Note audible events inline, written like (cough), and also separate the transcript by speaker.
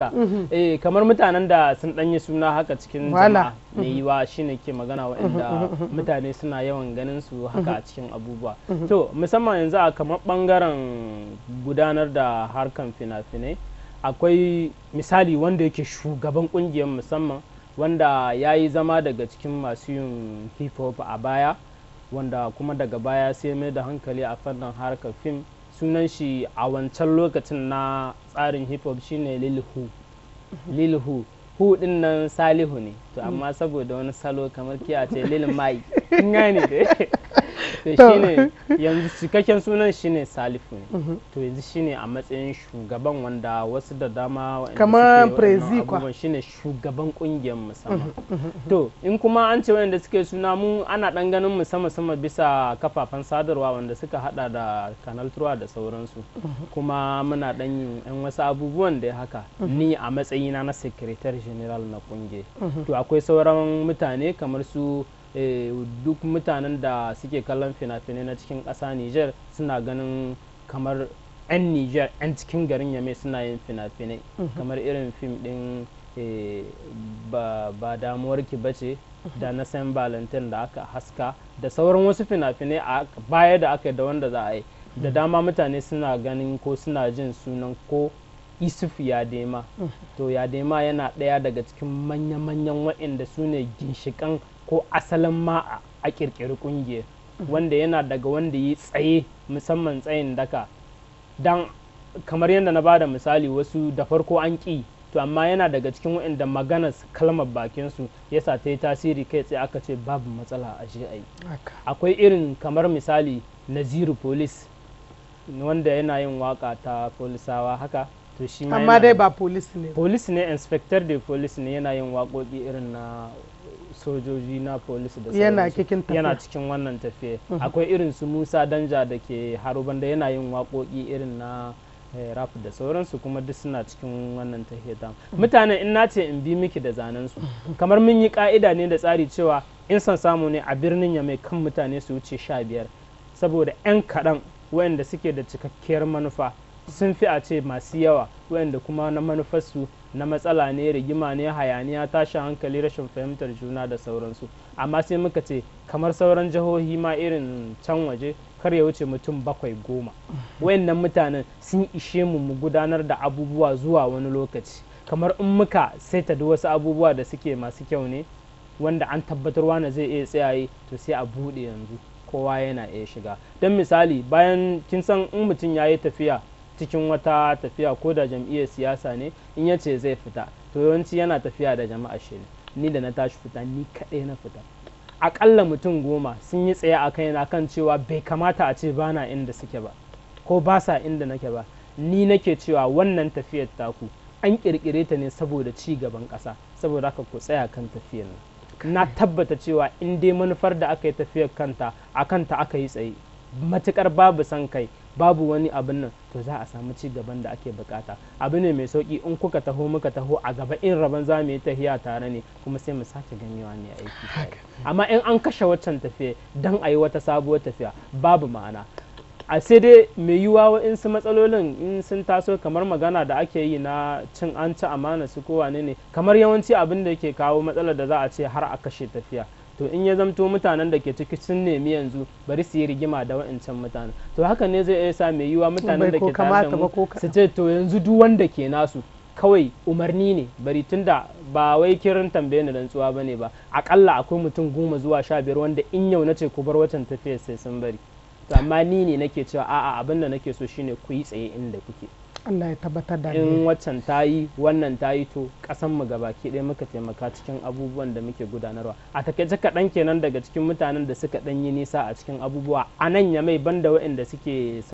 Speaker 1: Mhm. eh kamar mutanen da sun danyi suna haka cikin jama'a ne mhm. yiwa shine ke magana inda mhm, mutane suna yawan ganin su haka a cikin abubuwa to musamman yanzu a kamar bangaren gudanar da harkan fina-finai akwai misali wanda yake shugaban kungiyar musamman wanda ya yi zama daga cikin masu yin hip hop a baya wanda kuma daga baya sai mai da hankali a fannin harkar fim sunan shi a wancan lokacin na tsarin hip hop shine lilhu mhm. lilhu hu din nan salihu ne to mhm. amma saboda wani salo kamar kiya ce lil mai (laughs) kin gane dai (laughs) shine yanzu cikakken sunan shine salifu ne mhm. to yanzu shine a matsayin shugaban wanda wasu da dama kamar prezi kwa shine shugaban kungiyar musamman mhm, mhm, to in kuma an ce wanda suke suna mu ana dan ganin mu sama sama bisa kafafan sadarwa wanda suka hada da kanal turwa da sauransu kuma muna dan yin yan wasu abubuwan da haka ni a matsayina na secretary general na kungiyar to akwai sauran mutane kamar su Eh, duk mutanen da suke kallon fina-finai na cikin ƙasa niger suna ganin kamar 'yan niger 'yan cikin garin yame suna yin fina-finai mhm. kamar irin fim ɗin eh, ba damuwar ba ce mhm. da na san valentin da aka haska da sauran wasu fina-finai a baya da aka da wanda za a yi mhm. da dama mutane suna ganin ko suna jin sunan ko isuf yadema to yadema yana ɗaya daga cikin manya-manyan waɗanda su ne ginshiƙan ko asalin ma a kirkiri kungiyar wanda yana daga wanda ya tsaye musamman tsayin daka dan kamar yadda na bada misali wasu da farko an ƙi to amma yana daga cikin waɗanda maganas kalmar bakinsu ya sa ta yi tasiri kai tsaye aka ce babu matsala a je ai akwai irin kamar misali naziru police wanda yana yin waka ta polisawa haka to shi amma dai ba police ne police ne inspector da police ne yana yin waƙoƙi irin na sojoji na polis da yana cikin yana cikin wannan tafiya. Mhm. akwai irin su musa danja da ke haruban da yana yin waƙoƙi irin na eh, rap da sauransu kuma duk suna cikin wannan ta. Mhm. mutane in na ce in bi miki da zanen su kamar mun yi ka'ida ne da tsari cewa in san samu ne a birnin ya mai kan mutane su wuce sha biyar saboda 'yan kaɗan wayanda suke da cikakkiyar manufa sun fi a ce masu yawa wayanda kuma na manufarsu na matsala ne rigima ne hayaniya tashin hankali rashin fahimtar juna da sauransu amma sai muka ce kamar sauran jihohi ma irin can waje kar ya wuce mutum bakwai goma wayannan mutanen sun ishe mu mu gudanar da abubuwa zuwa wani lokaci kamar in muka saita ta wasu abubuwa da suke masu kyau ne wanda an tabbatarwa na zai iya tsayaye to sai a buɗe yanzu kowa yana iya shiga don misali bayan kin san in mutum ya yi tafiya cikin wata tafiya ko da jam'iyyar siyasa ne in ya ce zai fita to yawanci yana tafiya da jama'a shi ne ni da na tashi fita ni kaɗai na fita aƙalla mutum goma sun yi tsaye a na kan cewa bai kamata a ce bana inda suke ba ko ba sa inda nake ba ni nake cewa wannan tafiyar taku an ƙirƙire ta ne saboda ci gaban ƙasa saboda haka ku tsaya kan tafiyar nan na tabbata cewa in dai manufar da aka yi tafiyar kanta a kanta aka yi tsaye matukar babu san kai babu wani abin nan to za a samu ci gaban da ake bukata abu ne mai sauki in kuka taho muka taho a gaba in rabon za mu yi tahiya tare ne kuma sai mu sake ganewa ne aiki amma in an kashe waccan tafiya dan a yi wata sabuwar tafiya babu ma'ana a sai dai mai yiwuwa in su matsalolin in sun taso kamar magana da ake yi na cin an ci amana su kowane ne kamar yawanci abin da yake kawo matsalar da za a ce har a kashe tafiya to in ya zamto mutanen da ke ciki sun nemi yanzu bari su yi rigima da wa'ancan mutanen to haka ne zai iya sa mai yiwa mutanen da ke tare da mu su ce to yanzu duk wanda ke nasu kawai umarni ne bari tunda ba wai kirin tambaye ni rantsuwa bane ba akalla akwai mutum goma zuwa sha biyar wanda in yau na ce ku bar watan tafiya sai sun bari to amma ni ne nake cewa a'a abin da nake so shine ku yi tsaye inda kuke Allah ya tabbatar da in waccan ta yi wannan ta yi to kasan mu gabaki ɗaya muka taimaka cikin abubuwan da muke gudanarwa a takaice kaɗan kenan daga cikin mutanen da suka ɗan yi nisa a cikin abubuwa a nan ya mai banda waɗanda suke